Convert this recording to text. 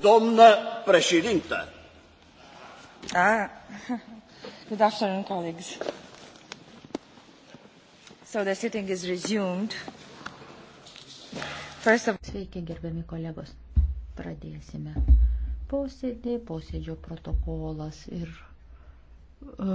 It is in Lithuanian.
Doamnă președintă! Ah. Good afternoon, colleagues. So the sitting is resumed. First of... Sveiki, gerbiami kolegos. Pradėsime posėdį, posėdžio protokolas ir